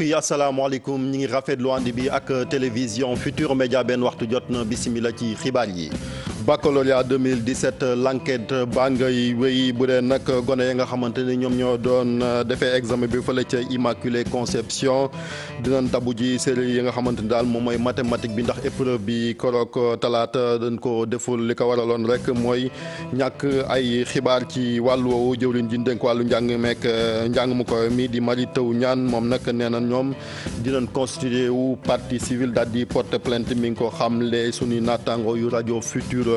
mbokk yi asalaamaaleykum ñi ngi rafetlu bi ak télévision Futur Média benn waxtu jot na bisimila ci xibaar yi baccalauréat 2017 l'enquête baa ngay wéy bu dee gone yi nga xamante ni ñoom ñoo doon euh, defee examen bi fële ca Immaculée Conception dinañ tabu ji série yi nga xamante ni daal moom mooy mathématique bi ndax épreuve bi koroog talaata dañ ko deful li ko waraloon rek mooy ñàkk ay xibaar ci wàllu woowu jëwriñ ji dénk wàllu njàng meek euh, njàng mu ko mi di Mary Teuw Niane moom nag nee na ñoom dinañ constitué wu partie civile daal porte plainte mi ko xamle suñu naataango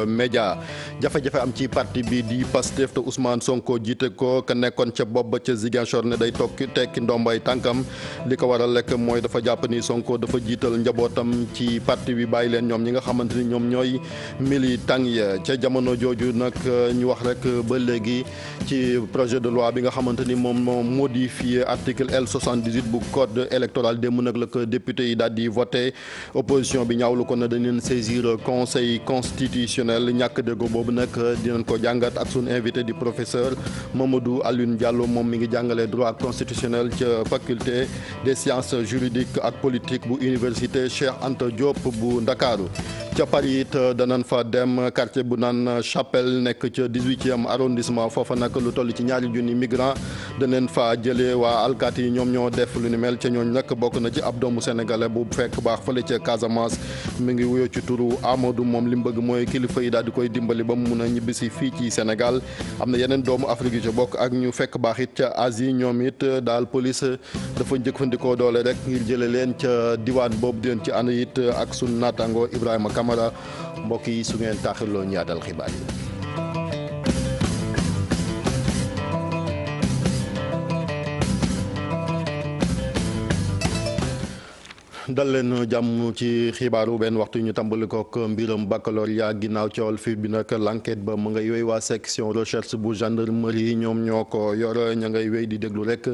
média jafe-jafe am ci parti bi di Pastef te Ousmane Sonko jiite ko ka nekkoon ca bopp ca Ziguinchor ne day tokki tekki ndombay tànkam li ko waral lekk mooy dafa jàpp ni Sonko dafa jiital njabootam ci parti bi bàyyi leen ñoom ñi nga xamante ni ñoom ñooy militant ya ca jamono jooju nag ñu wax rek ba léegi ci projet de loi bi nga xamante ni moom moo modifié article L78 bu code électoral démb nag la ko député yi daal di voté opposition bi ñaawlu ko na dañ leen saisir conseil constitution institutionnel ñàkk déggoo boobu nag dinañ ko jàngat ak sunu invité di professeur Mamadou Alioune Diallo moom mi ngi jàngale droit constitutionnel ca faculté des sciences juridiques ak politique bu université Cheikh Anta Diop bu Ndakaaru ca Paris it danañ fa dem quartier bu naan Chapelle nekk ca dix-huitième arrondissement foofa nag lu toll ci ñaari junni migrant daneen fa jëlee waa alkaati ñoom ñoo def lu ni mel ca ñooñ nag bokk na ci ab doomu sénégalais bu fekk baax kilifa yi daal di koy dimbali ba mu mun a ñibbisi fii ci Sénégal am na yeneen doomu Afrique yu ci bokk ak ñu fekk baax it ca Asie ñoom it daal police dafa njëkkandikoo doole rek ngir jële leen ca diwaan boobu di ci ànd it ak sunu naataango Ibrahima Camara mbokk yi su ngeen taaxirloo ñu yaatal xibaar yi. dal leen jàmm ci xibaaru benn waxtu ñu tàmbali kook mbiram baccalauréat ginnaaw cool fi bi nag l'enquête ba mu ngay wéy waa section recherche bu gendarmerie ñoom ñoo ko yor ña ngay wéy di déglu rek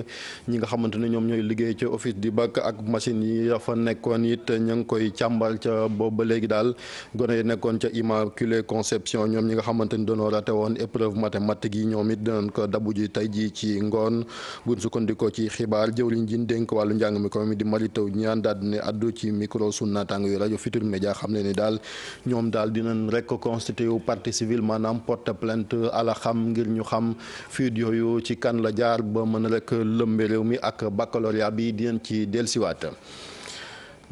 ñi nga xamante ne ñoom ñooy liggéey ca office di bac ak machine yi fa nekkoon it ña ngi koy càmbal ca booba léegi daal gone yi nekkoon ca immaculée conception ñoom ñi nga xamante ni doonoo raté woon épreuve mathématique yi ñoom it dinañ ko dabu ji tey ji ci ngoon buñ sukkandikoo ci xibaar jëwriñ ji dénk wàllu njàng mi ko mi di Mary Teuw Niane daal addu ci micro sunu naataango yu rajo Futur Média xam ne ni daal ñoom daal dinañ rek constitué wu partie civile maanaam porte plainte ala xam ngir ñu xam fuite yu ci kan la jaar ba mën rek lëmbe réew mi ak baccalauréat bi dinañ ci dellusiwaat.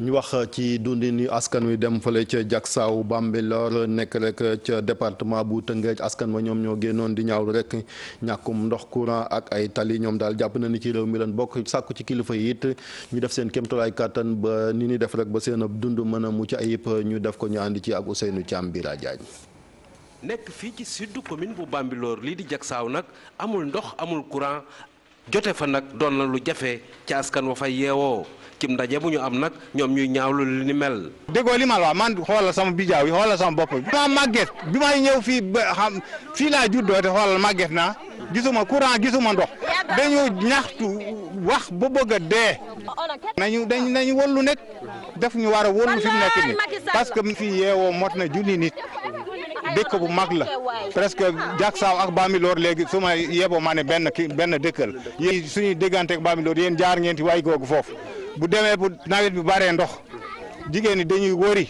ñu wax ci dundinu askan wi dem fa fële ca Jaksaaw Bambilor nekk rek ca département bu Tëngéej askan wa ñoom ñoo génnoon di ñaaw rek ñàkkum ndox courant ak ay tali ñoom daal jàpp na ni ci réew mi lan bokk sàkku ci kilifa yi it ñu def seen kéemtalaay kàttan ba ni ni def rek ba seen dund mën a mucc ayib ñu def ko ñu ànd ci ak Ousseynou Thiam Bira Diagne. nekk fii ci sud commune bu Bambilor lii di Jaksaaw nag amul ndox amul courant jote fa nag doon na lu jafe ci askan wa fa yeewoo cim ndaje bu ñu am nag ñoom ñuy ñaawlu lu ni mel. déggoo li ma la wax man xoolal sama bijaaw yi xoolal sama bopp bi. ma màgget bi may ñëw fii ba xam fii laa juddoo te xoolal màgget naa gisuma courant gisuma ndox dañu ñaxtu wax ba bëgg a dee. nañu dañ nañu wallu nekk def ñu war a wallu fi mu nekk parce que fii yeewoo mot na junni nit. dëkk bu mag la presque Jaksaaw ak Bambilor léegi su ma yeboo ma ne benn ki benn dëkk la yéen suñuy déggante ak Bambilor yéen jaar ngeen ci waay googu foofu bu demee bu nawet bi baree ndox jigéen ñi dañuy wëri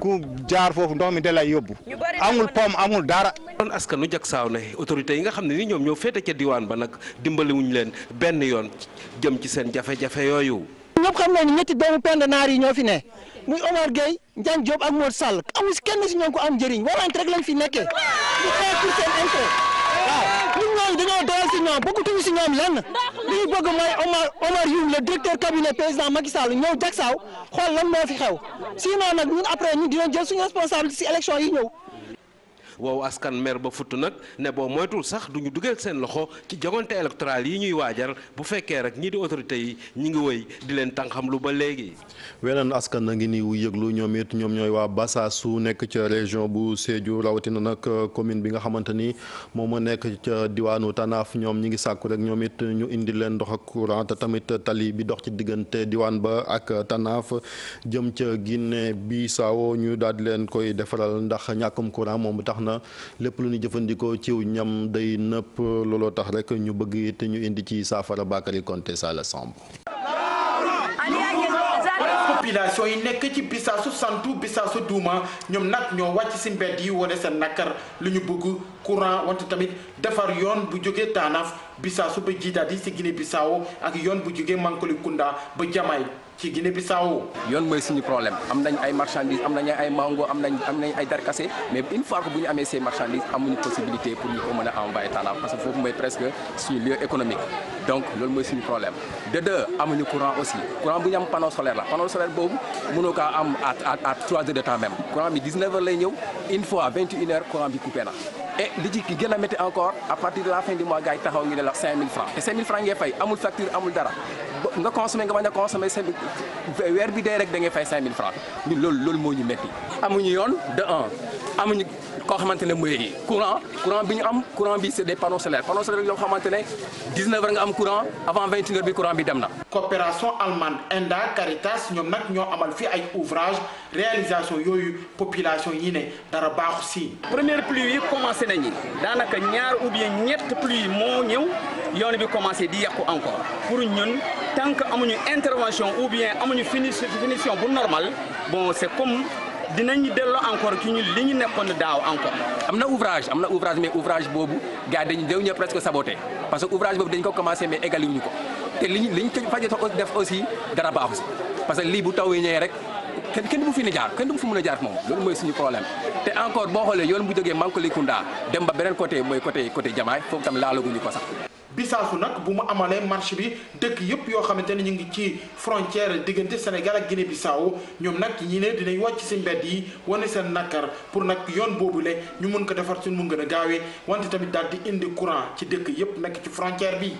ku jaar foofu ndox mi da lay yóbbu amul pom amul dara. kon askanu Jaksaaw ne autorité yi nga xam ne ni ñoom ñoow féete ca diwaan ba nag dimbaliwuñ leen benn yoon jëm ci seen jafe-jafe yooyu. ñëpp xam nañu ñetti doomu pend naar yi ñoo fi ne. muy Omar Gueye Ndiagne Diop ak Modou Sall amul si kenn si ñoom ko am njëriñ warante rek lañ fi nekkee ñu xeex pour seen intérêt waaw ñun ñooñu dañoo si ñoom bëggatuñu si ñoom lenn li ñu bëgg mooy Omar Omar Youm le directeur cabinet président Macky ñëw jagsaaw xool lan moo fi xew sinon nag ñun après ñun dinañ jël suñu responsabilité si élection yi ñëw. woowu askan mer ba futt nag ne boo moytul sax duñu ñu seen loxo ci jogante électorale yi ñuy waajal bu fekkee rek ñii di autorités yi ñi ngi woy di leen tànxam ba léegi. weneen askan na ngi nii wu ñoom it ñoom ñooy waa Bassasou nekk ca région bu Sédhiou rawatina nag euh, commune bi nga xamante ni moom moo nekk ca diwaanu Tanaaf ñoom ñi ngi sàkku rek ñoom it ñu indi leen ndox ak courant te tamit tali bi dox ci diggante diwaan ba ak Tanaaf jëm ca Guinée Bissau ñu daal leen koy defaral ndax ñàkkum courant moom tax na lépp lu ñu jëfandikoo ciw ñam day nëpp looloo tax rek ñu bëgg it ñu indi ci saafara Bakary Konté Sala Samb population nekk ci bisaasu santu bisaasu duuma ñoom nag ñoo wàcc si mbedd yi wane seen nakar lu ñu bëgg courant wante tamit defar yoon bu jógee Taanaf bisaasu ba jiitaat yi si Guinée Bissau ak yoon bu jógee Mankolikunda ba Jamaay ci Guinée Bissau yoon mooy suñu problème am nañ ay marchandises am nañu ay mango am nañ am nañ ay darkase mais une fois bu ñu amee ces marchandises amuñu possibilité pour ñu ko mën a envoyer Talla que foofu mooy presque suñu lieu économique donc loolu mooy suñu problème de deux amuñu courant aussi courant bu ñu am panneau solaire la panneau solaire boobu mënoo kaa am à trois heures de temps même courant bi 19 heures lay ñëw une fois 21 heures courant bi coupé e li ci gën a métti encore à partir de la fin du mois gars yi taxaw ngi ne la 5000 francs te 5000 francs ngay fay amul facture amul dara nga consommé nga bañ a consommé weer bi dee rek da ngay fay 5000 francs ñun loolu loolu moo ñu métti amuñu yoon de un amuñu koo xamante ne mooy courant courant bi ñu am courant bi c'est des panneaux solaires panneaux solaires xamante ne 19 heures nga am courant avant 20 heures bi courant bi dem na. coopération allemande Enda Caritas ñoom nag ñoo amal fii ay ouvrage réalisation yooyu population yi ne dara baaxu si. première plus yi commencé nañu daanaka ñaar ou bien ñett yi moo ñëw yoon bi commencé di yàqu encore pour ñun tant que amuñu intervention ou bien amuñu finition finition bu normal bon dinañu delloo encore ci ñu li ñu nekkoon daaw encore. am na ouvrage am na ouvrage mais ouvrage boobu gars dañu dañu ñëw presque saboté parce que ouvrage boobu dañ ko commencé mais égali wuñu ko te li ñu li ñu ko def aussi dara baaxu si parce que lii bu taw yi ñëwee rek. kenn kenn fi ne jaar kenn du fi mën a jaar moom loolu mooy suñu problème te encore boo xoolee yoon bu jógee Mankoulikounda dem ba beneen côté mooy côté côté Jamaay foofu tam laalaguñu ko sax. Bisaasu nag bu mu amalee marche bi dëkk yëpp yoo xamante ne ñu ngi ci frontière diggante Sénégal ak Guinée Bissau ñoom nag ñi ne dinañ wàcc si mbedd yi wane seen nakar pour nag yoon boobule ñu mun ko defar suñ mu gën a gaawee wante tamit daal di indi courant ci dëkk yëpp nekk ci frontière bi.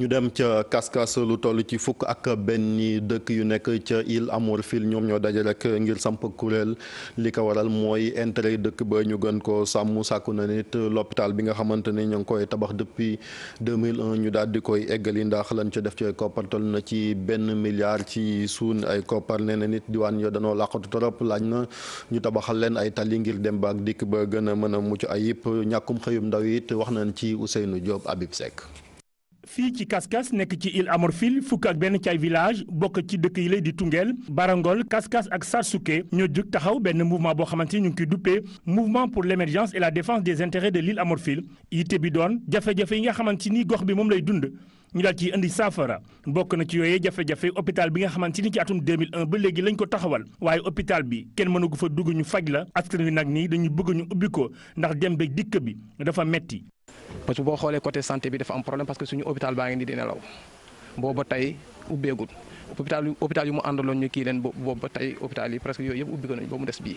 ñu dem ca kaskas lu toll ci fukk ak benn dëkk yu nekk ca Île à Morphil ñoom ñoo daja rek ngir samp kuréel li ko waral mooy intérêt dëkk ba ñu gën ko sàmm sàkku na nit l'hôpital bi nga xamante ni ñu ngi koy tabax depuis 2001 ñu daal di koy eggali ndax lañ ca def ci koppar toll na ci benn milliard ci suun ay koppar nee na nit diwaan yo danoo làqatu trop laaj na ñu tabaxal leen ay tali ngir dem baak dikk ba gën a mën a mucc ayib ñàkkum xëyum ndaw it wax nañ ci Ousseynou Diop Habib Seck fii ci Kaskas nekk ci île Amorphile fukk ak benn ci ay village bokk ci dëkk yi lay di tungeel Barangol Kaskas ak Sarsuke ñoo jug taxaw benn mouvement boo xamante ni ñu ngi koy duppee mouvement pour l'émergence et la défense des intérêts de l'île Amorphile yitte bi doon jafe-jafe yi nga xamante ni gox bi moom lay dund ñu daal ciy indi saafara bokk na ci yooyee jafe-jafe hôpital bi nga xamante ni ci atum 2001 ba léegi lañ ko taxawal waaye hôpital bi kenn mënagu fa dugg ñu faj la askan wi nag nii dañu bëgg ñu ubbi ndax dem ba dikk bi dafa metti parce que boo xoolee côté santé bi dafa am problème parce que suñu hôpital baa ngi nii di nelaw booba tey ubbeegul hôpital yu hôpital yu mu àndaloon ñu kii leen boobu ba tey hôpital yi presque yooyu yëpp ubbi ko nañ ba mu des bii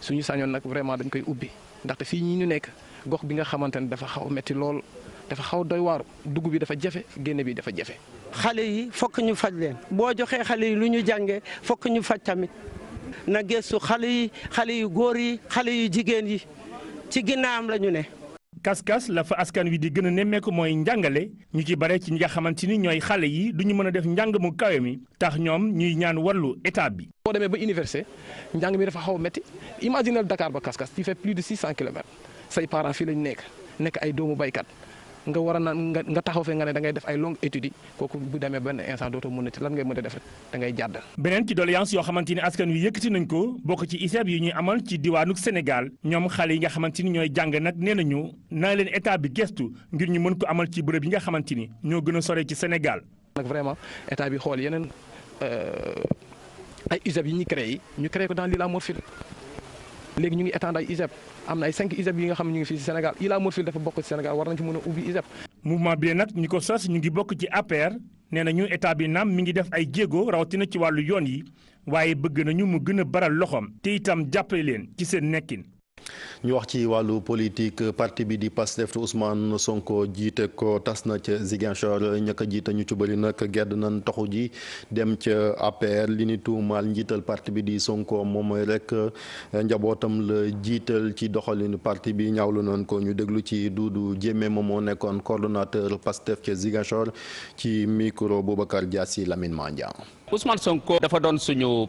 suñu sañoon nag vraiment dañ koy ubbi ndaxte fii ñi ñu nekk gox bi nga xamante ne dafa xaw metti lool dafa xaw doy waaru dugg bi dafa jafe génne bi dafa jafe. xale yi fokk ñu faj leen boo joxee xale yi lu ñu jàngee fokk ñu faj tamit na gëstu xale yi xale yu góor yi xale yu jigéen yi ci ginnaawam la ñu ne. kas-kas la fa askan wi di gën a nemmeeku mooy njàngale ñu ci bare ci ñi nga xamante ni ñooy xale yi du ñu mën def njàng mu kawe mi tax ñoom ñuy ñaan wallu état bi. boo demee ba université njàng mi dafa xaw a métti imaginal Dakar ba kas-kas tu fais plus de six cent kilomètres say parents fii lañ nekk nekk ay doomu baykat. nga war a naan nga taxaw fee nga ne dangay def ay longue études kooku bu demee benn instant dootoo mën a ci lan ngay mën a def rek da ngay jàdd. beneen ci doléance yoo xamante ni askan wi yëkkati nañ ko bokk ci ISEP yi ñuy amal ci diwaanu Sénégal ñoom xale yi nga xamante ni ñooy jàng nag nee nañu naa leen état bi gestu ngir ñu mën ko amal ci bërëb yi nga xamante ni ñoo gën a sore ci Sénégal. nag vraiment état bi xool yeneen euh, ay ISEP yi ñu créé yi ñu créé ko dans l'île à Morphil léegi ñu ngi étendre ay ISEP am na ay cinq ISEP yi nga xam ne ñu ngi fii si Sénégal Ila Morphil dafa bokk si war nañ ci mën a ubbi ISEP. mouvement bi nag ñi ko sos ñu ngi bokk ci APR nee na ñu état bi naam mi ngi def ay jéego rawatina ci wàllu yoon yi waaye bëgg nañu mu gën a baral loxoom te itam jàppale leen ci seen nekkin. ñu wax ci wàllu politique parti bi di Pastef Ousmane Sonko jiite ko tas na ca Ziguinchor ñaka jiite ñu ci bëri nag gedd nañ toxu ji dem ca APR li ni tuumaal njiital parti bi di Sonko moom mooy rek njabootam la jiital ci doxalinu parti bi ñaawlu nañ ko ñu déglu ci Doudou Diémé moom moo nekkoon coordonnateur Pastef ca Ziguinchor ci micro Boubacar Diassi Lamine Mandia. Ousmane Sonko dafa doon suñu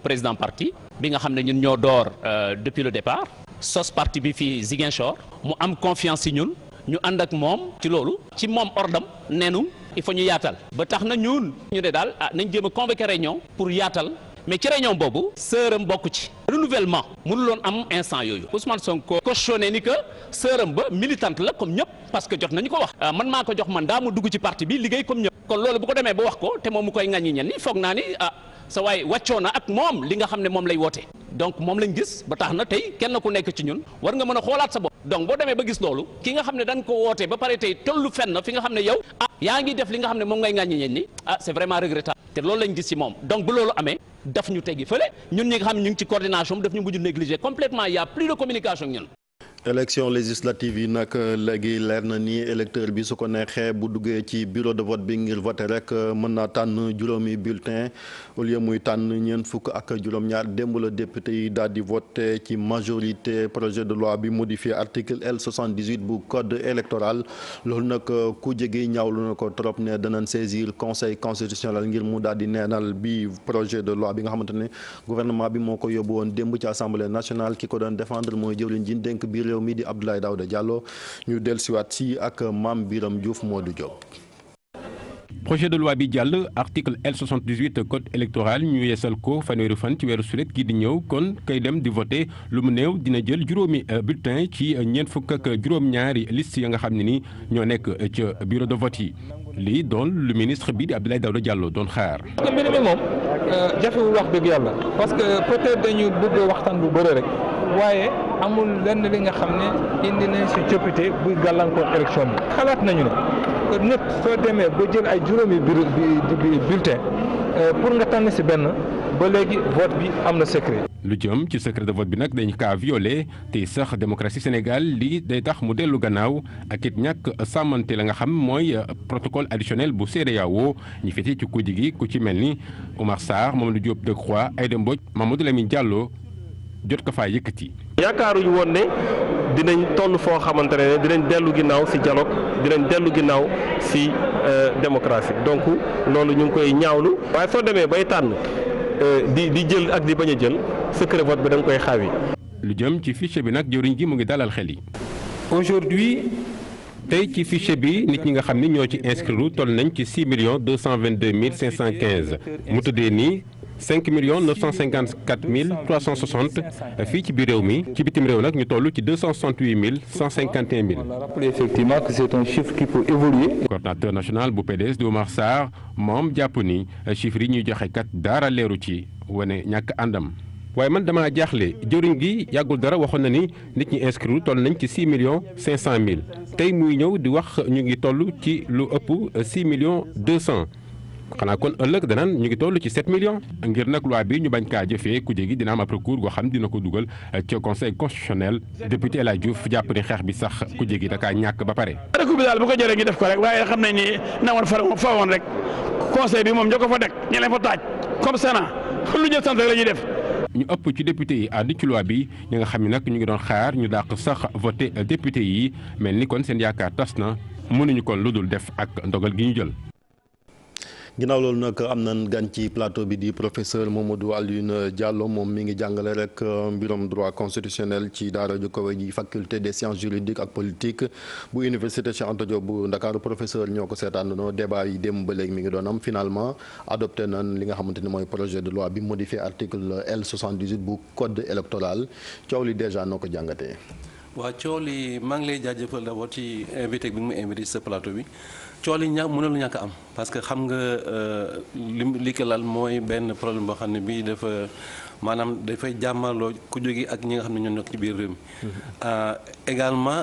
nga xam ne ñun ñoo door euh, depuis le départ. sos parti bi fii Ziguinchor mu am confiance ci ñun ñu ànd ak moom ci loolu ci moom ordam neenu il faut ñu yaatal ba tax na ñun ñu ne daal ah nañ jëm a convoquer réunion pour yaatal mais ci réunion boobu sëram bokk ci renouvellement loon am instant yooyu Ousmane Sonko cautionné ni que sëram ba militante la comme ñëpp parce que jot nañu ko wax ah, man maa ko jox man daa mu dugg ci parti bi liggéey comme ñëpp kon loolu bu ko demee ba wax ko te moom mu koy ŋàññi ñenn ñi foog naa ni ah sa waay wàccoo ak moom li nga xam ne moom lay woote donc moom lañ gis ba tax na tey kenn ku nekk ci ñun war nga mën a xoolaat sa bopp donc boo demee gis loolu ki nga xam ne dañ ko woote ba pare tey tollu fenn fi nga xam ne yow ah, yaa ngi def li nga xam ne moom ngay ŋàññi ñeen ni ah c'est vraiment regrettable te loolu lañ gis ci moom donc bu loolu amee daf ñu teggi fële ñun ñi nga xam ne ci coordination daf ñu mujj négliger complètement y plus de communication ñun élection législative yi nag euh, léegi leer na ni électeur bi su ko neexee bu duggee ci bureau de vote bi ngir voté rek euh, mën naa tànn juróomi bulletin au lieu muy tànn ñeent fukk ak juróom-ñaar démb la député yi daal di voté ci majorité projet de loi bi modifié article L 78 bu code électoral loolu nag euh, ku jege ñaawlu na ko trop ne danañ saisir conseil constitutionnel ngir mu daal di neenal bi projet de loi bi nga xamante ne gouvernement bi moo ko yóbbu woon démb ci assemblée nationale ki ko doon défendre mooy jëwriñ ji dénk biir réew mi di Abdoulaye Daouda Diallo ñu siwaat si ak Mame Biram Diouf Modou Diop. projet de loi bi jàll article L78 code électoral ñu yeesal ko fanweeri fan ci weeru sulet gi di ñëw kon kay dem di voté lu mu neew dina jël juróomi euh, bulletin ci euh, ñeent fukk ak juróom-ñaari liste ya nga xam ne ni ñoo nekk euh, ca bureau de vote yi. lii doon lu ministre bi di Abdoulaye Daouda jàlloo doon xaar. mbir mi moom euh, jafewul wax dëgg yàlla parce que peut-être dañu bëgg waxtaan bu bëre rek waaye amul lenn li nga xam ne indi nañ si coppite buy gàllankoor élection bi xalaat nañu ne. ñëpp soo demee ba jël ay juróomi bulletin euh, pour nga tànn si benn ba léegi vote bi am na secret. lu jëm ci secret de vote bi nag dañ kaa violé te sax démocratie Sénégal lii day tax mu dellu gannaaw ak it ñàkk sàmmante la nga xam mooy euh, protocole additionnel bu CEDEAO ñi fete ci kujji gi ku ci mel ni moom Oumar Sarr Mamadou Diop Decroix Aïda Mbodj Mamadou Lamine jàlloo jot ko faa yëkkati. yaakaaruñu woon ne dinañ toll foo xamante ne dinañ dellu ginnaaw ci dialogue dinañ dellu ginnaaw ci euh, démocratie donc loolu ñu ngi koy ñaawlu. waaye soo demee bay tànn euh, di di jël ak di bañ a jël secret vote bi da nga koy xaawi. lu jëm ci fichier bi nag jëriñ gi mu ngi dalal xel yi. aujourd'hui tey ci fichier bi nit ñi nga xam ni ñoo ci inscrire toll nañ ci 6 millions 222 mille 515 mu tëddee nii. cinq millions neuf cent cinquante quatre mille fii ci biir réew mi ci bitim réew nag ñu toll ci deux cent soixante huit mille cent cinquante et un mille. On a rappelé effectivement que c'est un chiffre qui national bu PDS di Oumar moom jàpp ni chiffres yi ñuy joxe kat dara leeru ci wane ñàkk àndam. waaye man damaa jaaxle jëriñ gi yàggul dara waxoon na ni nit ñi inscrire toll nañ ci million millions 500 mille tey muy ñëw di wax ñu ngi toll ci lu ëpp 6 millions 200. xanaa kon ëllëg danañ ñu ngi toll ci set million ngir nag loi bi ñu bañ kaa jëfee ku jégi dina am ab recours goo xam dina ko dugal ci conseil constitutionnel député El Hadj Diouf jàpp ni xeex bi sax ku jégi dakaa ñàkk ba pare. recours bi daal bu ko jëlee ngi def ko rek waaye xam nañ ni na woon far fa woon rek conseil bi moom ñoo ko fa deg ña leen fa taaj comme Sénat lu jël sant rek la def. ñu ëpp ci député yi ànd ci loi bi ñu nga xam ni nag ñu ngi doon xaar ñu dàq sax voté député yi mel ni kon seen yaakaar tas na mënuñu kon lu dul def ak ndogal gi ñu jël. ginnaaw loolu nag am na gan ci plateau bi di professeur Mamadou Alioune Diallo moom mi ngi jàngale rek euh, mbirom droit constitutionnel ci daara ju kawe ji faculté des sciences juridiques ak politique bu université Cheikh Anta bu Dakar professeur ñoo ko seetaanoo débat yi démb ba léegi mi ngi doon am finalement adopté nañ li nga xamante ni mooy projet de loi bi modifié article L 78 bu code électoral coow li déjà noo ko jàngatee. waa coow li maa ngi lay jaajëfal d'abord ci invité bi mu invité ci sa bi. coow yi ña lu ñàkk am parce que xam nga euh, li li ko lal mooy benn problème boo xam ne bii dafa maanaam dafay jàmmaloo ku jóge ak ñi nga xam ne ñoo nekk ci biir réew mi mm-hmm. euh, également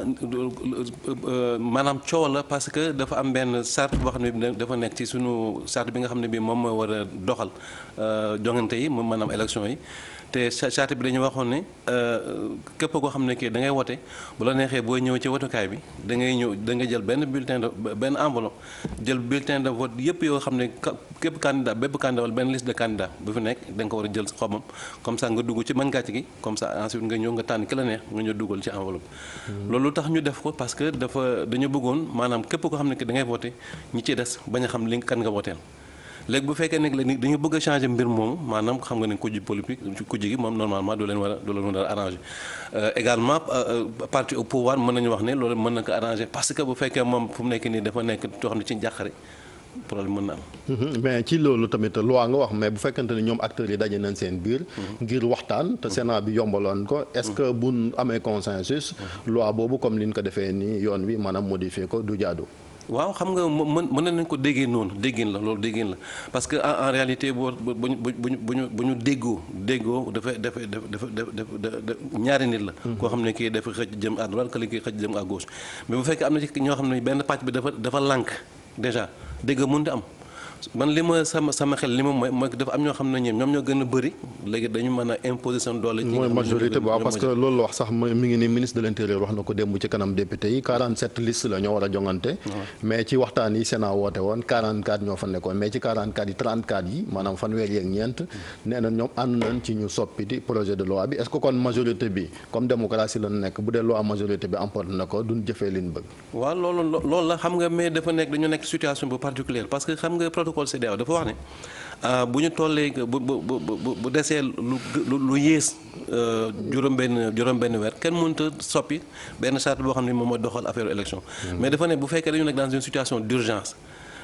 euh, maanaam coow la parce que dafa am benn charte boo xam ne bi dafa nekk ci suñu charte bi nga xam ne bii moom mooy war a doxal jongante yi moom maanaam élection yi te charte bi dañu waxoon ne euh, képp koo xam ne kii da ngay wote bu la neexee booy ñëw ci wotukaay bi da ngay ñëw da ngay jël benn bulletin de benn enveloppe jël bulletin de vote yëpp yoo xam ne képp candidat bépp candidat wala benn liste de candidat bu fi nekk da nga ko war a jël xobam comme ça nga dugg ci man gàcc gi comme ça ensuite nga ñëw nga tànn ki la neex nga ñëw duggal ci enveloppe hmm. loolu tax ñu def ko parce que dafa dañu bëggoon maanaam képp koo xam ne ki da ngay vote ci des bañ a xam li kan nga léegi bu fekkee nag léegi dañu bëgg a changer mbir moomu maanaam xam nga ne kujj politique kujj gi moom normalement du leen war a du leen war a arranger euh, également euh, euh, parti au pouvoir mën nañu wax ne loolu mën na ko arranger parce que bu fekkee moom fu mu nekk nii dafa nekk loo xam ne ci njàqare problème mën na am. Mm-hmm. mais ci loolu tamit loi nga wax mais bu fekkante ne ñoom acteurs yi daje nañ seen biir. Mm-hmm. ngir waxtaan te Sénat bi yombaloon ko. est-ce que mm-hmm. bu amee consensus. loi boobu comme li ñu ko defee nii yoon wi maanaam modifier ko du jaadu. waaw xam nga man mën nañ ko déggee noonu déggin la loolu déggin la parce que en réalité boo bu ñu bu ñu bu ñu bu ñu déggoo déggoo dafay dafay dafay dafay ñaari nit la. Mhm. koo xam ne kii dafa xëcc jëm à droite kii xëcc jëm à mais bu fekkee am na ci ñoo xam ne benn pàcc bi dafa dafa lànk déjà dégg mënut am. man li ma sama xel li ma mooy mooy dafa am ñoo xam ne ñoom ñoo gën a bëri léegi dañu mën a imposer seen doole. mooy majorité waaw parce que loolu la wax sax mi ngi ni ministre de l' wax na ko démb ci kanam député yi 47 liste la ñoo war jongante. Ah mais ci waxtaan yi Sénat woote woon 44 ñoo fa nekkoon mais ci 44 yi 34 yi maanaam fanweer yeeg ñeent nee ñoom ànd nañ ci ñu soppi projet de loi bi protocole CEDEAO dafa wax ne euh, bu ñu tollee bu bu bu bu desee lu lu yées euh, juróom-benn juróom-benn weer kenn mun a soppi benn charte boo xam ne moom mooy doxal affaire élection mm-hmm. mais dafa ne bu fekkee dañu nekk dans situation d'urgence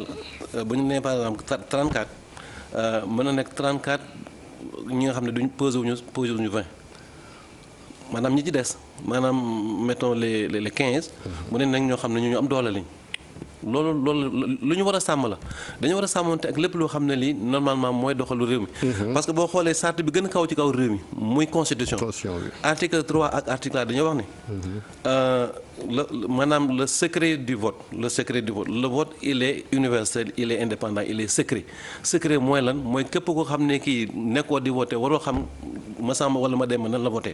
Sénégal euh, bu ñu nee par exemple 34 euh, mën na nekk 34 ñi nga xam ne duñ posé wuñu posé wuñu 20 maanaam ñi ci des maanaam mettons les les 15. mu ne nag ñoo xam ne ñu am doole lañ. loolu loolu lu ñu war a sàmm la dañu war a sàmmante ak lépp loo xam ne lii normalement mooy doxalu réew mi. Mhm. parce que boo xoolee charte bi gën a kaw ci kaw réew mi muy constitution. article 3 ak article 4 dañoo wax ne. Mhm. Euh, le maanaam le secret du vote le secret du vote le vote il est universel il est indépendant il est secret secret mooy lan mooy képp koo xam ne kii nekkoo di vote waroo xam ma sàmba wala ma dem nan la voté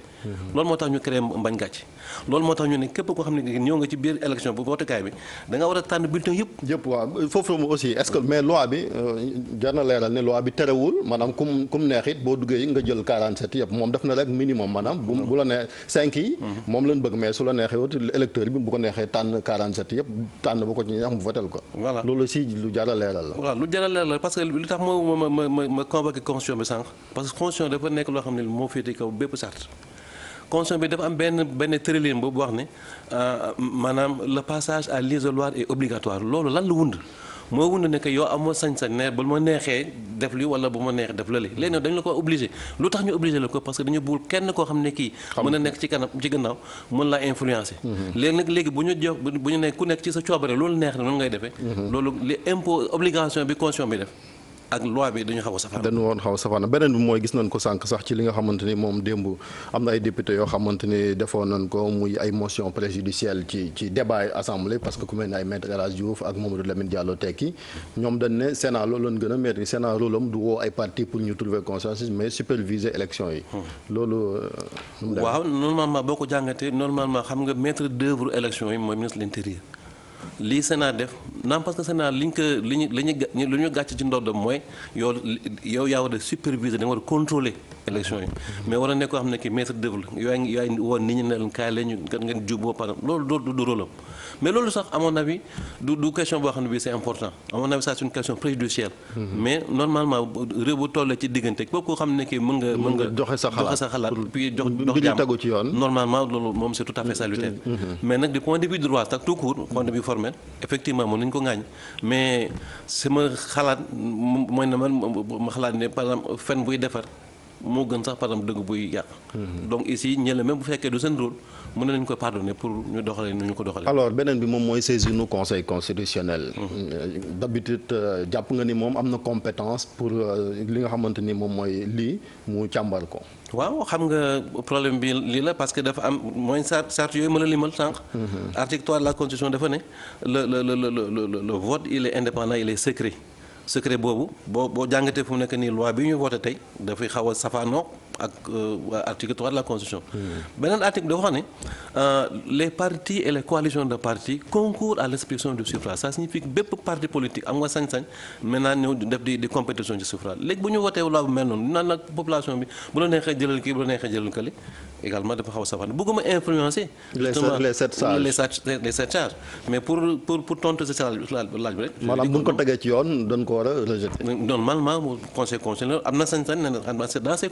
loolu moo tax ñu créé mbañ gàcc loolu moo tax ñu ne képp koo xam ne ñëw a moom la neex mu votel ko loolu aussi lu jar a leeral la lu jar leeral parce que li tax ma ma ma ma convoqué constitution dafa nekk loo xam ne moo féete kaw bépp sart constitution bi dafa am benn benn tërëlin boobu wax ne euh, maanaam le passage à l'isoloir est obligatoire loolu lan la wund moo wund ne que yow amoo sañ-sañ ne bu ma neexee def li wala bu ma neex def la li léegi dañu la ko obligé lu tax ñu obligé la ko parce que dañu bëggul kenn koo xam ne kii mën a nekk ci kanam ci gannaaw mën laa influencé mhm. léegi nag léegi bu ñu jox bu ñu nekk ku nekk ci sa coobare loolu neex na noonu ngay defee mhm. loolu li impôt obligation bi constitution bi def ak loi bi dañu xaw a safaan dañu woon beneen bi mooy gis nañ ko sànq sax ci li nga xamante moom démb am na ay député yoo xamante ni defoon nañ ko muy ay motion préjudicielle ci ci débat parce que ku mel ne ay maître El Hadj Diouf ak Mamadou Lamine Diallo tekki ñoom dañ ne Sénat loolu lañ gën a maître du woo ay parti pour ñu trouver consensus mais superviser élection yi. Hmm. loolu. waaw normalement boo ko jàngatee normalement xam nga maître lii Sénat def naam parce Sénat liñ ko li gàcc ci ndoddam mooy yow yaa war a superviser da war a contrôler élection yi mais war a nekk koo xam ne ki mais nag du point de vue droit sax tout court point de vue formel effectivement mën nañu ko ngaañ mais sama xalaat mooy na man ma xalaat ne par exemple fen buy defar moo gën sax par exemple dëgg buy yàq. Mhm. donc ici ñële même bu fekkee du seen rôle mën nañu ko pardonner pour ñu doxalee nu ñu ko doxalee. alors beneen bi moom mooy saisir nu conseil constitutionnel. Mhm. d'habitude euh, jàpp nga ni moom am na compétence pour euh, li nga xamante ni moom mooy lii mu càmbar ko. waaw xam nga problème bi lii la parce que dafa am mooy charte sart yooyu ma la limal sànq. Mhm. article 3 la constitution dafa ne le le le le le vote il est indépendant il est secret. secret boobu boo boo jàngatee fu mu nekk nii loi bi ñu voté tey dafay xaw a safaanoo ak euh, article 3 de la constitution. beneen article dafa xam ne euh, les partis et les coalitions de partis concourent à l'expression du suffrage ça signifie bépp parti politique am nga sañ-sañ maintenant ñëw def di di compétition ci suffrage léegi bu ñu wootee loi bu mel noonu naan nag population bi bu la neexee jëlal kii bu la neexee jëlal kële également dafa xaw a bëgguma influencer. les les sept les sept sages mais laaj bi rek. maanaam bu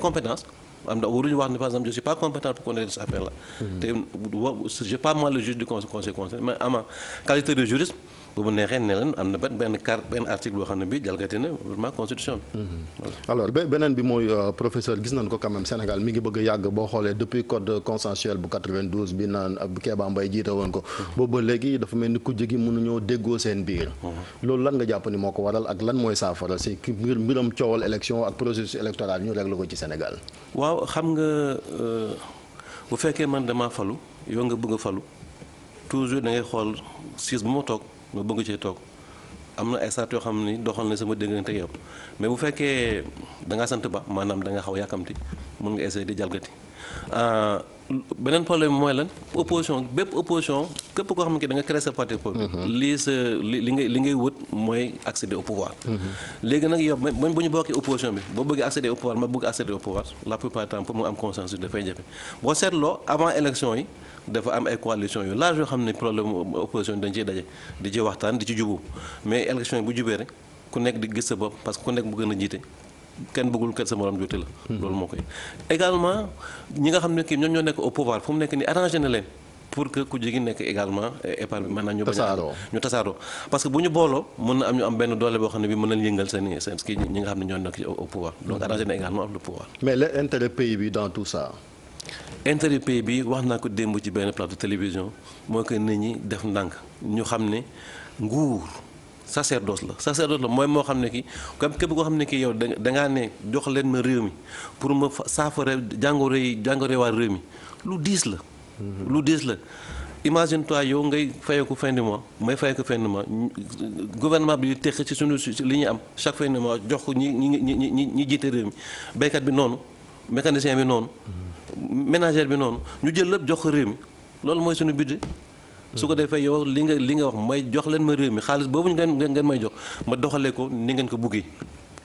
ñu ko am na waruñu wax ne par exemple je suis pas compétent pour connaître cette affaire là. Hmm. te wa pas moi le juge du mais ama qualité de juriste. bu ma neexee ne leen am na benn benn benn article boo xam ne bii jalgati na vraiment constitution bi. Mhm. alors beneen bi mooy euh, gis nañ ko quand même Sénégal mi ngi bëgg yàgg boo xoolee depuis code consensuel bu 92 bi naan euh, Kéba Mbaye jiite woon ko. Mhm. boobu ba léegi dafa mel ni kujje gi mënuñoo déggoo seen biir. Mhm. loolu lan nga jàpp ni moo ko waral ak lan mooy saafara si mbir mbiram coowal élection ak processus électoral ñu réglé ko ci Sénégal. waaw xam nga euh, bu fekkee man damaa falu yow nga bëgg a falu toujours da ngay xool siis bu ma toog. nga bëgg cee toog am na ay saat yoo xam ni doxal na sama déggante yow mais bu fekkee da nga sant ba maanaam da nga xaw yàkkamti mën nga essayer di jalgati. Euh, beneen problème bi mooy lan opposition bépp opposition képp koo xam ne da nga créer sa parti politique. Mhm. lii sa li li ngay li ngay wut mooy accéder au pouvoir. Mhm. léegi nag yow man bu ñu bokkee opposition bi boo bëggee accéder au pouvoir ma bëgg accéder au pouvoir la plupart temps mu am consensus dafay jafe boo seetloo avant élection yi dafa am ay coalition yu large yoo xam ne problème opposition dañ ciy daje di ci waxtaan di ci jubu mais élection yi bu jubee rek ku nekk di gis sa bopp parce que ku nekk mu gën a jiite. kenn bëggul kenn sa morom jote la. loolu moo koy également ñi nga xam ne kii ñoom ñoo nekk au pouvoir fu mu nekk nii arrangé na leen pour que ku jigi nekk également épargne bi maanaam ñu. tasaaroo ñu tasaaroo que bu ñu booloo mën na am ñu am benn doole boo xam ne bi mën nañu yëngal seen i seen ñi nga xam ne ñoo nekk ci au donc mhm. arrangé na également ak le pouvoir. mais l'intérêt pays bi dans tout ça. intérêt bi wax naa ko démb ci benn plateau télévision moo que nit ñi def ndànk ñu xam ne nguur. sacerdoce la sacerdoce la mooy moo xam ne kii comme képp koo xam ne kii yow da ngaa ne jox leen ma réew mi pour ma saafara jàngoro yi jàngoro waa réew mi lu diis la. Mhm. lu diis la imagine toi yow ngay fayeeku ko de mois may fayeeku ko de mois gouvernement bi teq ci suñu li ñu am chaque fin jox ko ñi ñi ñi ñi ñi jiite réew mi béykat bi noonu mécanicien bi noonu. Mhm. ménagère bi noonu ñu jël lépp jox ko réew mi loolu mooy suñu budget su ko defee yow li nga li nga wax may jox leen ma réew mi xaalis boobu ngeen ngeen may jox ma doxalee ko ni ngeen ko buggi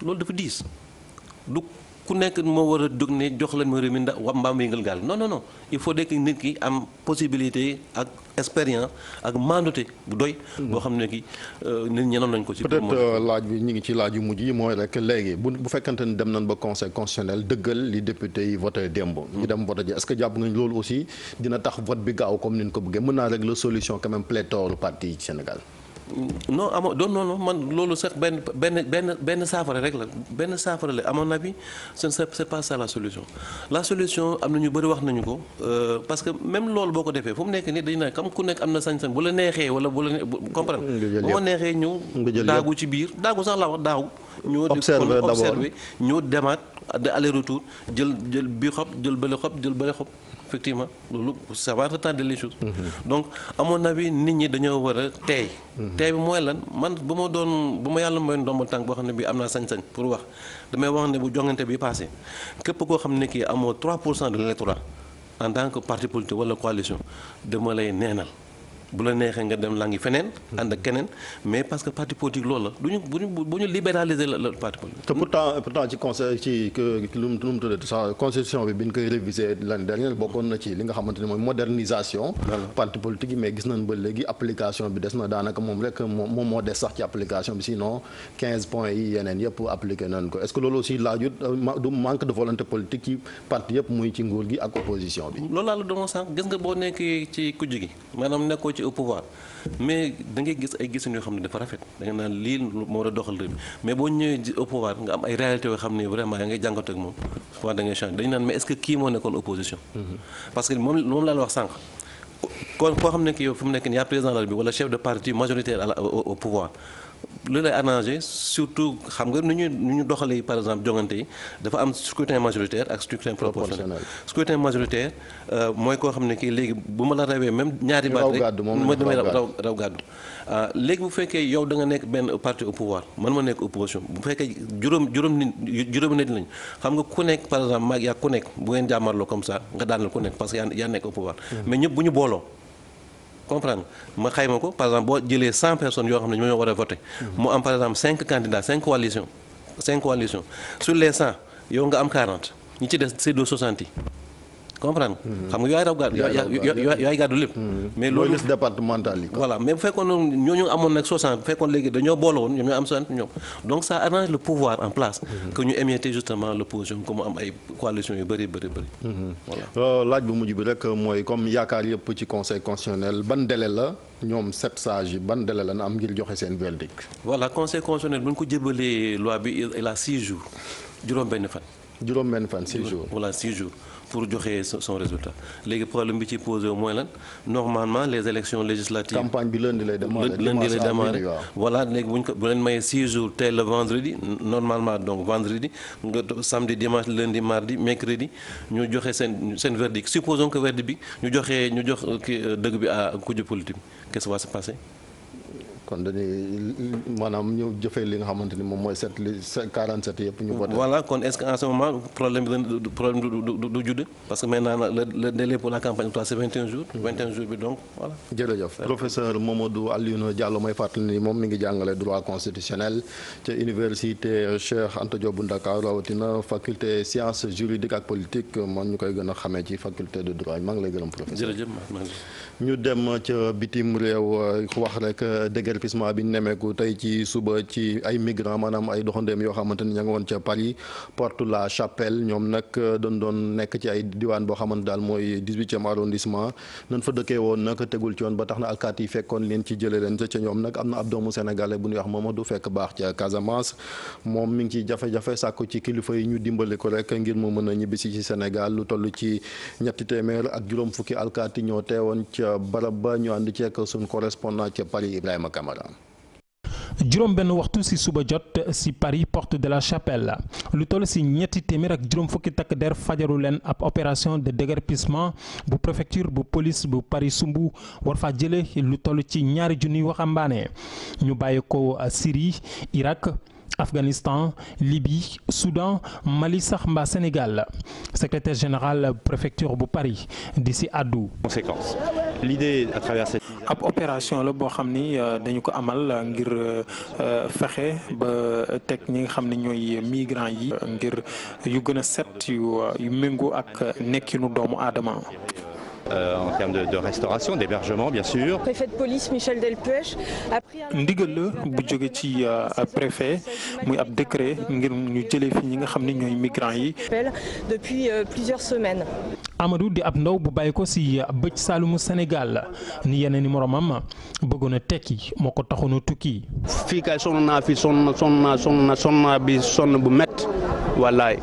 loolu dafa diis dugg ku nekk moo war a dugg ne jox leen ma réew mi ndax mbaam yëngal gaal non non non il faut que nit ki am possibilité ak expérience ak mandate bu doy. Mhm. boo xam ne ki euh, nit ñenoon nañ ko ci. peut-être euh, laaj bi ñu ngi ci laaj yu mujj yi mooy rek léegi bu bu fekkante ni dem nañ ba conseil constitutionnel dëggal li député yi voté démb. ñu mhm. dem voté ji est-ce que jàpp nga ni loolu aussi dina tax vote bi gaaw comme ni ko bëggee mën naa rek la solution quand même pléthore parti yi ci non amoo doon non man loolu sax benn benn benn benn saafara rek la benn saafara la amoon mon bi ce sa c'est pas ça la solution la solution am na ñu bari wax nañu ko euh, parce que même loolu boo ko defee fu mu nekk nii dañu naan comme ku nekk am na sañ-sañ bu la neexee wala bu la comprendre bu ma neexee ñëw daagu ci biir daagu sax laa wax daagu ñoo observé ñoo demaat de aller retour jël jël bii xob jël bale xob jël bële xob effectivement loolu ça va retarder les choses. Mhm. donc amoon mon avis nit ñi dañoo war a teey. Mhm. teey bi mooy lan man bu ma doon bu ma yàlla mayoon ndomba tànk boo xam ne bii am naa sañ-sañ pour wax damay wax ne bu jongante bi passé képp koo xam ne kii amoo 3 pour cent de l'électorat en tant que parti wala coalition dama lay neenal. bu la neexee nga dem langi feneen. ànd ak keneen mais parce que parti politique loolu la du ñu bu ñu bu la la parti politique. te pourtant pourtant ci conseil bi bi nga xamante ne mooy modernisation. parti politique yi mais gis nañ ba léegi application bi des na daanaka moom rek moom moo des sax ci application bi sinon 15 points yi yeneen yëpp appliqué nañ est que loolu aussi laajut manque de volonté politique ci parti yëpp muy ci nguur ci au pouvoir mais da gis ay gisin yoo xam ne dafa rafet da naan lii moo la doxal réew mais boo ñëwee au pouvoir nga am ay réalités yoo xam ne vraiment yaa ngay jàngat ak moom souvent da ngay changer dañu naan mais est kii moo nekkoon opposition. Mhm. parce que moom moom wax sànq. kon koo xam ne ki yow fi mu nekk yaa président de la République chef de parti majoritaire au pouvoir. lu lay arrangé surtout xam nga nu ñu nu ñu doxalee par exemple jongante yi dafa am scrutin majoritaire ak scrutin proportionnel scrutin majoritaire euh, mooy koo xam ne kii léegi bu ma la rawee même ñaari baat rek ma damay raw raw gàddu euh, léegi bu fekkee yow da nga nekk benn parti au man ma nekk opposition bu fekkee juróom juróom nit juróom nit lañu xam nga ku nekk par exemple maag yaa ku nekk bu ngeen jàmmarloo comme ça nga daanal ku nekk parce que yaa yaa nekk au pouvoir hmm. ñu booloo comprendre ma xayma ko par exemple boo jëlee cent personnes yoo xam ne ñoo war a voté. mu am par exemple cinq candidats cinq coalitions cinq coalitions sur les cent yow nga am quarante ñi ci des c'est deux soixante comprendre hmm. xam nga yaay raw gàddu yaay gàddu lépp hmm. mais loolu liste départementale yi voilà mais bu fekkoon ñooñu amoon nag 60 bu fekkoon léegi dañoo boole woon ñoom ñoo am 60 ñoom donc ça arrange le pouvoir en place hmm. que ñu émietter justement l'opposition que mu am ay coalition yu bëri bëri bëri voilà euh, laaj bu mujj bi rek mooy comme yaakaar yëpp ci conseil constitutionnel ban délai la ñoom sept sages yi ban délai la na am ngir joxe seen verdict voilà conseil constitutionnel bu ñu ko jëbalee loi bi il a six jours juróom benn fan juróom benn fan six jours voilà jours pour joxe son résultat léegi problème bi ci posé wu mooy lan normalement les élections législatives. campagne bi lundi lay démarrer. lundi lay démarrer voilà léegi bu ñu ko bu leen mayee 6 jours tey le vendredi normalement donc vendredi nga samedi dimanche lundi mardi mercredi ñu joxe seen seen verdict supposons que verdict bi ñu joxe ñu jox dëgg bi à kujje politique qu'est-ce qui kon dañuy maanaam ñëw jëfee li nga xamante ni moom mooy sept li 47 yëpp ñu voté. voilà kon est-ce que en ce moment problème bi du du parce que maintenant le le délai pour la campagne électorale c'est 21 jours. 21 mm-hmm. jours bi donc voilà. jërëjëf professeur Mamadou Alioune Diallo may fàttali ni moom mi ngi jàngale droit constitutionnel ca université Cheikh Anta Diop bu Ndakaaru rawatina faculté sciences juridiques ak politique moom ñu koy gën a xamee ci faculté de droit maa ngi lay gërëm professeur. jërëjëf maa ngi ñu dem ca bitim réew euh, wax rek euh, déguerpissement bi nemeeku tey ci suba ci ay migrants maanaam ay doxandeem yoo xamante ni ña nga woon ca Paris porte la chapelle ñoom nag euh, doon doon nekk ci ay diwaan boo xamante daal mooy dix-huitième arrondissement nan fa dëkkee woon nag tegul ci yoon ba tax na alkaat yi fekkoon leen ci jële leen ca ñoom nag am na ab doomu sénégalais bu ñuy wax Mamadou fekk baax ca Casamance moom mi ngi ci jafe-jafe sàkku ci kilifa yi ñu dimbali ko rek ngir mu mën a ñibbisi ci Sénégal lu toll ci ñetti téeméer ak juróom fukki alkaati ñoo teewoon ca barab ba ñu ànd ceek suñ correspondant ca Paris Ibrahima Camara juróom benn waxtu ci suba jot ci Paris porte de la Chapelle lu toll ci ñetti téeméer ak juróom fukki takk der fajaru leen ab opération de déguerpissement bu préfecture bu police bu Paris sumbu war fa jële lu toll ci ñaari junniy waxambaane ñu bàyyi ko Syrie Irak Afghanistan Libye Soudan Mali sax mbaa Sénégal secretaire général préfecture bu Paris di si àddu conséquence l'idée à travers ab opération la boo xam ni euh, dañu ko amal euh, ngir euh, fexe ba teg ñi nga xam ne ñooy migrants yi ngir yu gën a set yu yu méngoo ak nekkinu doomu aadama Euh, en termes de, de restauration, d'hébergement bien sûr. préfet de police Michel Delpech ndigal la bu jóge ci euh, préfet muy ab décret ngir ñu jëlee fi ñi nga xam ne ñooy migrants yi. depuis euh, plusieurs semaines. Amadou di ab ndaw bu bàyyi ko si bëj saalumu Sénégal ni yeneen i moromam bëggoon a tekki moo ko taxoon a tukki. fii kay sonn fi sonn sonn naa bi sonn bu métti wallaay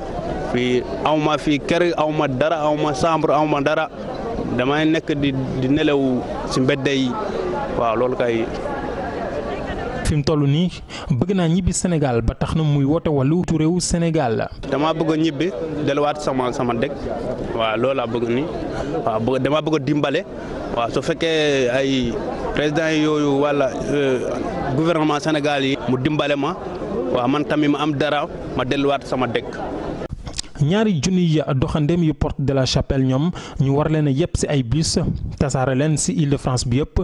fii aw ma kër aw dara aw ma chambre dara. damay nekk di di nelaw si mbedd yi waaw loolu kay. fi mu toll nii bëgg naa ñibbi Sénégal ba tax na muy woote wàllu wutu réew Sénégal la. damaa bëgg a ñibbi delluwaat sama sama dëkk waaw loolu laa bëgg nii waaw bëgg bëgg dimbale waaw su fekkee ay président yooyu wala euh, gouvernement Sénégal yi. mu dimbale ma waaw man tamit ma am dara ma delluwaat sama dëkk. ñaari junniy doxandeem yu porte de la chapelle ñoom ñu war leen a yëpp ci ay bus tasaare leen ci Île-de-France bi yëpp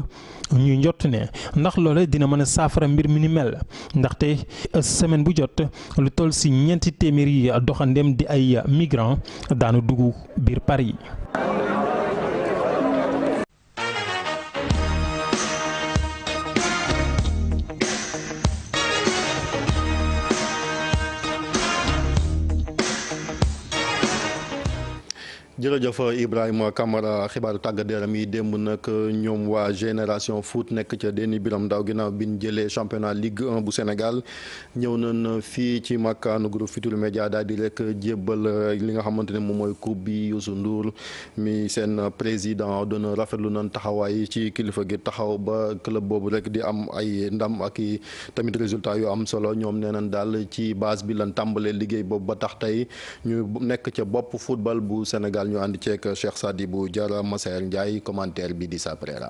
ñuy njott ne ndax loole dina mën a saafara mbir mi ni mel ndaxte semaine bu jot lu toll ci ñeenti téeméeri doxandem di ay migrants daanu duggu biir Paris. jërëjëf Ibrahima Camara xibaaru tàggat yaram yi démb nag ñoom waa génération foot nekk ca Déni Biram Ndaw ginnaaw bi ñu jëlee championnat Ligue bu Sénégal ñëw nañ fii ci makkaanu groupe Futurs Médias daal di rekk jébbal eh, li nga xamante ne moom mooy coupe bi Youssou nduur mi seen président doon rafetlu nan taxawaay ci kilifa gi taxaw ba club boobu rek di am ay ndam ak i tamit résultat yu am solo ñoom nee nañ daal ci base bi lan tàmbalee liggéey boobu ba tax tey ñu nekk ca bopp football bu Sénégal. ñu ànd ceeg Cheikh Sadibou Diarra Massaer Ndiaye commentaire bi di Saprera.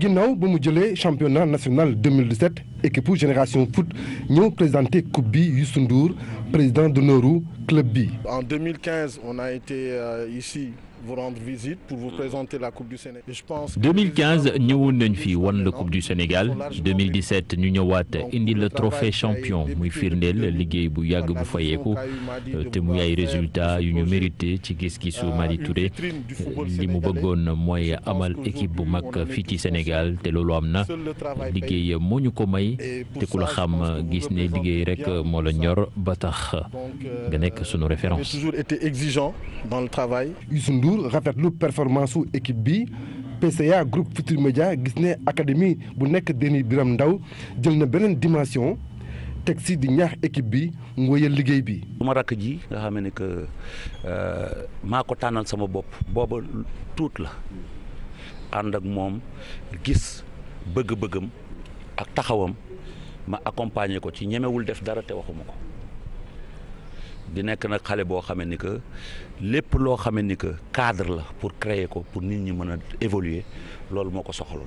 ginnaaw ba mu jëlee championnat national 2017 équipe génération foot ñëw présenté coupe bi Youssou Ndour président d'honneur club bi. en 2015 on a été euh, vous rendre visite pour vous mm. présenter la Coupe du Sénégal. je pense 2015 ñëwoon nañ fi wan la Coupe du Sénégal 2017 ñu ñëwaat indi la trophée champion muy firndeel liggéey bu yàgg bu fayeeku euh, te muy ay euh, résultats yu ñu mérité ci gis-gisu Madi Touré euh, li mu bëggoon mooy amal équipe bu mag fii ci Sénégal te loolu am na liggéey moo ñu ko may te ku la xam gis ni liggéey rek moo la ñor ba tax nga nekk sunu référence. toujours rafetlu performance su équipe bi PCA groupe Futurs Médias gis ne académie bu nekk Denis Biram ndaw jël na beneen dimension teg si di ñaax équipe bi mu wëyal liggéey bi. su ma rakk ji nga xam ne que euh, maa ko tànnal sama bopp booba tuut la ànd ak moom gis bëgg-bëggam ak taxawam ma accompagner ko ci ñemewul def dara te waxuma ko. di nekk nag xale boo xamee ni que lépp loo xamee ni que cadre la pour créer ko pour nit ñi mën a évoluer loolu moo ko soxaloon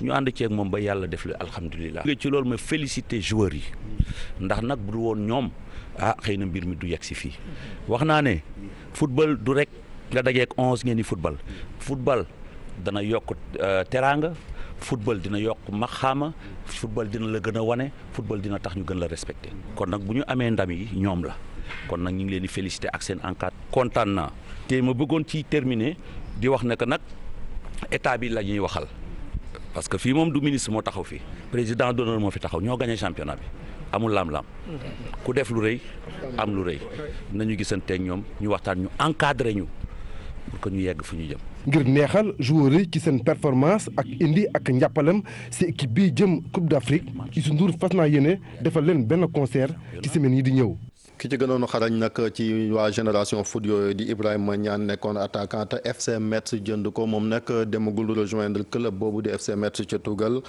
ñu ànd ceeg moom ba yàlla def li alhamdulilah. ci loolu ma félicité joueurs yi ndax nag bu du woon ñoom ah xëy na mbir mi du yegg si fii wax naa ne football du rek nga dajeeg onze ngeen di football football dana yokk euh, teraanga. football dina yokk maxaama football dina la gën a wane football dina tax ñu gën a respecté kon nag bu ñu amee ndam yi ñoom la kon nag ñu ngi leen di félicité ak seen encadre kontaan naa te ma bëggoon ci terminer di wax ne que nag état bi la ñuy waxal parce que fii moom du ministre moo taxaw fii président d'honneur moo fi taxaw ñoo gagné championnat bi amul lam laam ku def lu rëy am lu rëy nañu gisante ak ñoom ñu waxtaan ñu encadré ñu pour que ñu yegg fu ñu jëm. ngir neexal joueur yi ci seen performance ak indi ak njàppalam si équipe bi jëm Coupe d'Afrique Youssou Ndour fas naa yéene defal leen benn concert ci semaine di ñëw. ki ci gënoon xarañ nag ci waa génération foot yooyu di Ibrahima ñaan nekkoon attaquant te FC Metz jënd ko moom nag demagul rejoindre club boobu di FC Metz ca Tugal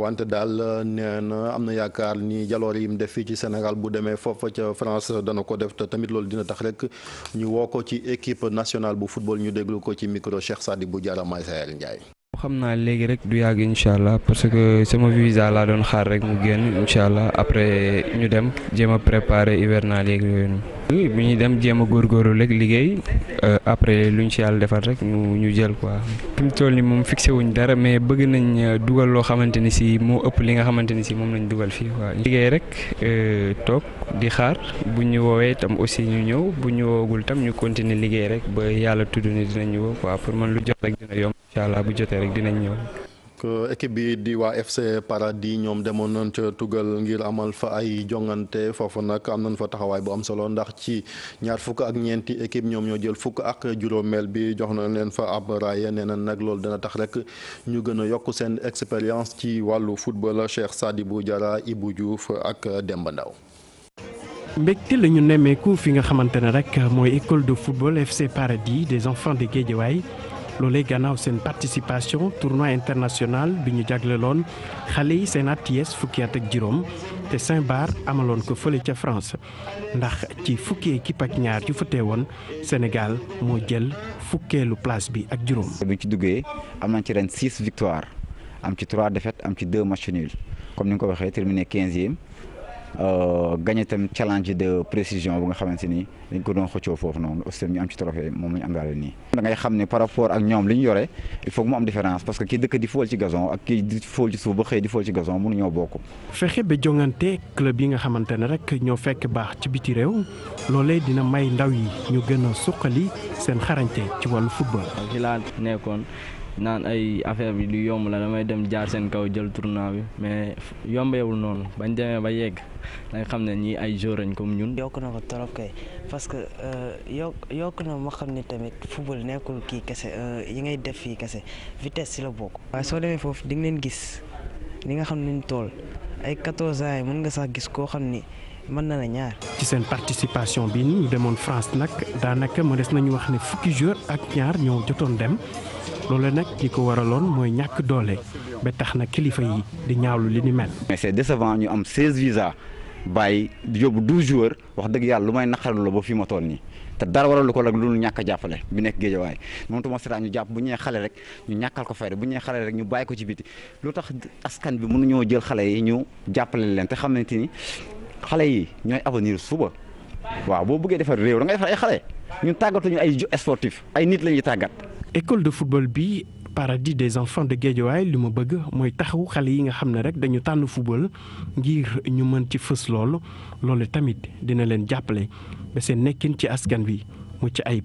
wante daal nee am na yaakaar ni jaloor yi mu def fii ci Sénégal bu demee foofa ca France dana ko def te tamit loolu dina tax rek ñu woo ko ci équipe national bu football ñu déglu ko ci micro Cheikh Sadibou Diarra Maye Sayel Ndiaye. xam naa léegi rek du yàgg incha allah parce que sama visa laa doon xaar rek mu génn incha allah après ñu dem jéem a préparer hivernal yeeg yooyu noonu. ñu dem jéem a góorgóorlu rek liggéey euh, après luñ ci yàlla defal rek ñu ñu jël quoi. fi mu toll nii moom fixé wuñ dara mais bëgg nañ euh, dugal loo xamante ni si moo ëpp li nga xamante ni si moom lañ dugal fii quoi. liggéey rek euh, toog. di xaar bu ñu woowee tam aussi ñu ñëw bu ñu woowagul tam ñu continuer liggéey rek ba yàlla tudd ni dinañ ñu woo quoi pour man lu jot rek dina yomb incha bu jotee rek dinañ ñëw. équipe bi di waa FC Paradis ñoom demoon nañ ca tugal ngir amal fa ay jongante foofu nag am nañ fa taxawaay bu am solo ndax ci ñaar fukk ak ñeenti équipe ñoom ñoo jël fukk ak juróomeel bi jox na leen fa ab raaya nee nag loolu dana tax rek ñu gën a yokk seen expérience ci wàllu football Cheikh Sadibou Diarra Ibou Diouf ak Demba mbégte la ñu nemmeeku fi nga xamante ne rek mooy école de football FC Paradis des enfants de Guédiawaye loolee gannaaw seen participation tournoi international bi ñu jagleloon xale yi seen at yees fukki at ak juróom te Saint-Bar amaloon ko fële ca France ndax ci fukki équipe ak ñaar yu fa woon Sénégal moo jël fukkeelu place bi ak juróom. bi ci duggee am nañ ci ren six victoires am ci trois défaites am ci deux matchs nuls comme ni nga ko waxee terminé quinzième Euh, gagné tam challenge de précision bu nga xamante ni dañ ko doon xëccoo foofu noonu aussi ñu am ci trophée moom la ñu àndaale nii. da xam ne par rapport ak ñoom li yore il faut mu am différence parce que kii dëkk di fool ci gazon ak kii di fool ci suuf ba xëy di fool ci gazon mënuñoo bokk. fexe ba jongante club yi nga xamante rek ñoo fekk baax ci biti réew loolee dina may ndaw yi ñu gën a suqali seen xarañte ci wàllu football. ci laa nekkoon. naan ay affaire bi du yomb la damay dem jaar seen kaw jël tournoi bi mais yombeewul noonu bañ demee ba yegg danga xam ne ñii ay joueurs lañ comme ñun. yokk na ko trop kay parce que euh, yokk yokk na ma xam ni tamit football nekkul kii kese euh, yi ngay def fii kese vitesse si la bokk. waaye soo demee foofu di nga leen gis li nga xam ne ñu tool ay 14 yi mën nga sax gis koo xam ni. mën na la ñaar. ci seen participation bi ñu demoon France nag daanaka ma des nañu wax ne fukki joueur ak ñaar ñoo jotoon dem loolu nag ki ko waraloon mooy ñàkk doole ba tax na kilifa yi di ñaawlu li ni mel. mais c'est décevant ñu am 16 visa bàyyi yóbbu 12 joueurs wax dëgg yàlla lu may naqarlu la ba fi ma toll nii te dara waralu ko nag lu ñàkk jàppale bi nekk géejawaay moom tuma sera ñu jàpp bu ñee xale rek ñu ñàkkal ko fayda bu ñee xale rek ñu bàyyi ko ci biti lu tax askan bi ñoo jël xale yi ñu jàppale leen te xam ne ni xale yi ñooy avenir suba waaw boo bëggee defar réew da ngay defar tàggatuñu ay sportif ay nit la ñuy tàggat école de football bi paradis des enfants de Guédiawaye li ma bëgg mooy taxawu xale yi nga xam ne rek dañu tànn football ngir ñu mën ci fës loolu loolu tamit dina leen jàppale ba seen nekkin ci askan wi mu ci ayib.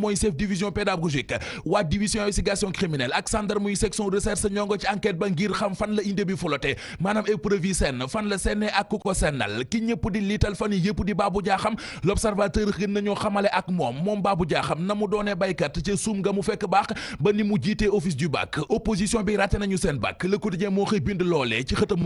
mooy chef division pédagogique waa division investigation criminelle ak gendarme yi section recherche ñongo ci enquête ba ngir xam fan la inde bi flotté maanaam épreuve yi seen fan la seenne ak ko sennal ki ñëpp di liital fan yi yëpp di baabu jaaxam l'observateur gën nañoo xamale ak moom moom baabu jaaxam na mu doonee baykat ca suum nga mu fekk baax ba ni mu jiitee office du bac opposition bi raté nañu seen bac le quotidien moo xëy bind loolee ci xëtam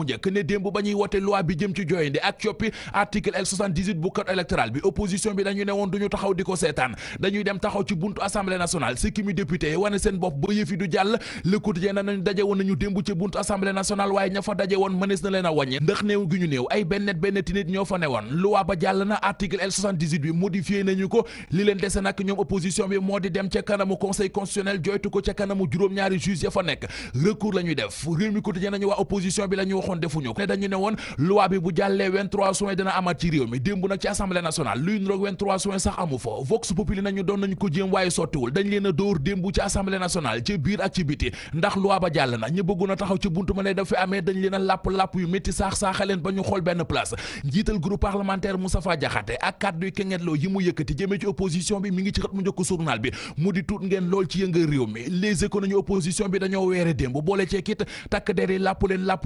ci bunt assemblée nationale sikki mi député yi wane seen bopp ba yëfi du jàll le na nañu daje woon nañu démb ci buntu assemblée nationale waaye ña fa daje woon mënees na leen a wàññi ndax néew gi ñu néew ay bennet bennet nit ñoo fa ne woon loi ba jàll na article l bi modifié nañu ko li leen dese nag ñoom opposition bi moo di dem ca kanamu conseil constitutionnel joytu ko ca kanamu juróom-ñaari juge ya fa nekk recours la ñuy def réew mi quotidien nañu waa opposition bi la ñu waxoon ko ne ko jéem waaye sottiwul dañ leen a ci assemblée nationale ci biir ak ci biti ndax loi jàll na ñu bëggoon taxaw ci buntu ma ne dafa amee yu métti saax-saaxaleen ba ñu xool benn place njiital groupe parlementaire Moustapha Diakhaté ak kàddu yi kengetloo yi mu yëkkati jëmee ci opposition bi mi ngi ci mu njëkk journal bi mu di tuut ngeen lool ci yëngal réew mi les économies opposition bi dañoo weere démb boole cee kit takk der yi làpp leen làpp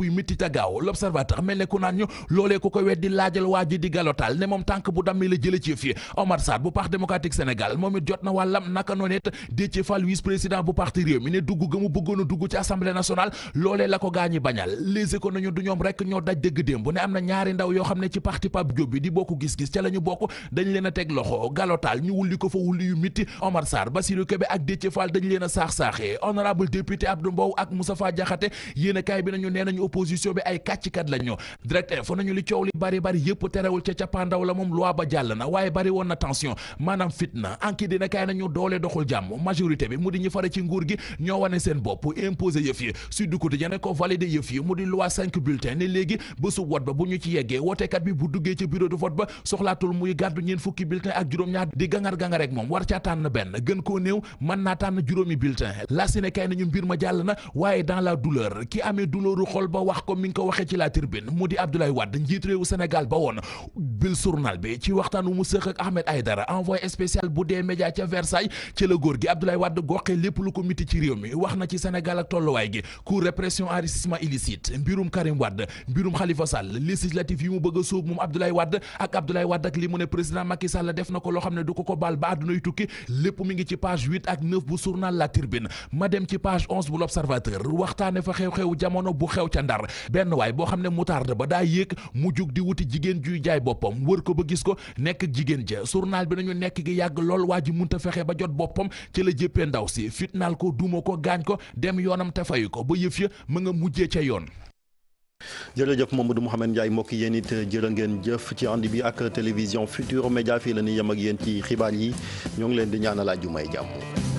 na wàllam naka noonu it Déthié Fall vice président bu parti réew mi ne dugg ga mu bëggoon dugg ci assemblée nationale loolee la ko gaañi bañal les éco nañu du ñoom rek ñoo daj dëgg démb bu ne am na ñaari ndaw yoo xam ne ci parti Pape Diop di bokk gis-gis ca la bokk dañ leen a teg loxo galotal ñu wulli ko fa wulli yu mitti Omar Sarr Bassirou Kébé ak Déthié Fall dañ leen a saax-saaxee honorable député Abdou Mbow ak Moustapha Diakhaté yéen kaay bi nañu kaay nañu doole doxul jàmm majorité bi mu di ñu fare ci nguur gi ñoo wane seen bopp imposer yëf yi Sud Quotidien ne ko valider yëf yi mu di loi cinq bulletin léegi bésu wot ba bu ñu ci yeggee wootekat bi bu duggee ci bureau de vote ba soxlaatul muy gàddu ñeen fukki bulletin ak juróom-ñaar di gangar gangar moom war caa tànn benn gën koo néew mën naa tànn juróomi bulletin la si nañu mbir ma jàll na waaye dans la douleur ki amee douleuru xol ba wax ko mi ngi ko waxee ci la tribune mu di Abdoulaye Versailles ci la góor gi Abdoulaye Wade goxee lépp lu ko miti ci réew mi wax na ci Sénégal ak tolluwaay gi cour répression enrichissement illicite mbirum Karim Wade mbirum Khalifa Sall législatif yi mu bëgg a sóob moom Abdoulaye Wade ak Abdoulaye Wade ak li mu ne président Macky Sall def na ko loo xam ne du ko ko baal ba àddunay tukki lépp mi ngi ci page huit ak neuf bu journal La Tribune ma dem ci page onze bu l'Observateur waxtaane fa xew-xewu jamono bu xew waay boo xam ne moutarde ba daa yéeg mu jug di wuti jigéen juy jaay boppam ko ba gis ko nekk jigéen ja journal bi nañu nekk fexe ba jot boppam ci la jéppee ndaw si fitnaal ko duma ko gaañ ko dem yoonam te fayu ko ba yëf ya mu nga mujje ca yoon jërëjëf Mamadou Mouhamed Ndiaye mbokk yéen it jërë ngeen jëf ci ànd bi ak télévision Futurs Médias fii la ñuy yem ak yéen ci xibaar yi ñoo ngi leen di ñaanal àjjuma ay jàmm